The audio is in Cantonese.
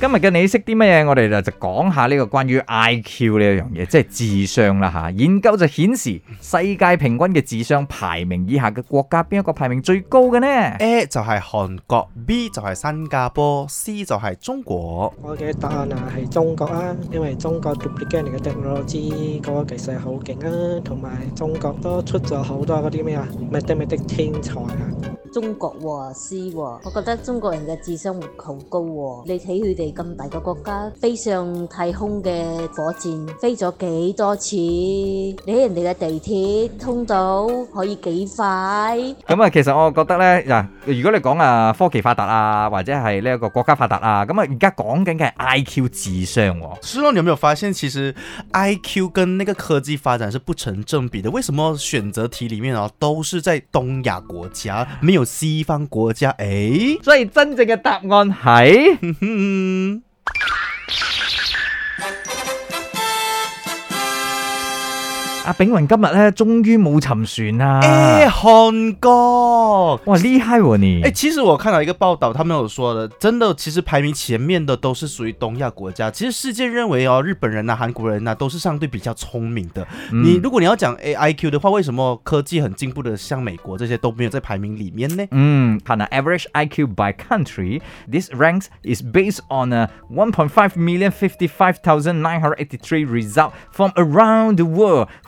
今日嘅你識啲乜嘢？我哋就就講下呢個關於 I Q 呢樣嘢，即係智商啦吓。研究就顯示世界平均嘅智商排名以下嘅國家，邊一個排名最高嘅呢？A 就係韓國，B 就係新加坡，C 就係中國。我嘅答案係中國啊，因為中國嘅人工智能嗰個技術係好勁啊，同埋中國都出咗好多嗰啲咩啊，咩嘅咩嘅天才啊。中國喎，C 喎，我覺得中國人嘅智商好高喎、哦。你睇佢哋咁大個國家，飛上太空嘅火箭飛咗幾多次？你喺人哋嘅地鐵通道可以幾快？咁啊、嗯，其實我覺得呢，嗱，如果你講啊科技發達啊，或者係呢一個國家發達啊，咁啊，而家講緊嘅係 I Q 智商喎、哦。是咯，你有冇發現其實 I Q 跟那個科技發展是不成正比的？為什麼選擇題裡面啊都是在東亞國家沒有？有西方國家，誒，所以真正嘅答案係。 阿炳云今日呢，終於冇沉船啦，啊！韓哥，哇，厲害喎，哦、你誒！其實我看到一個報道，他們有說的，真的，其實排名前面的都是屬於東亞國家。其實世界認為哦，日本人啊、韓國人啊，都是相對比較聰明的。嗯，你如果你要講 A I Q 的話，為什麼科技很進步的，像美國這些，都沒有在排名裏面呢？嗯，好啦，Average I Q by country, this ranks is based on a 1.5 million 55,983 result from around the world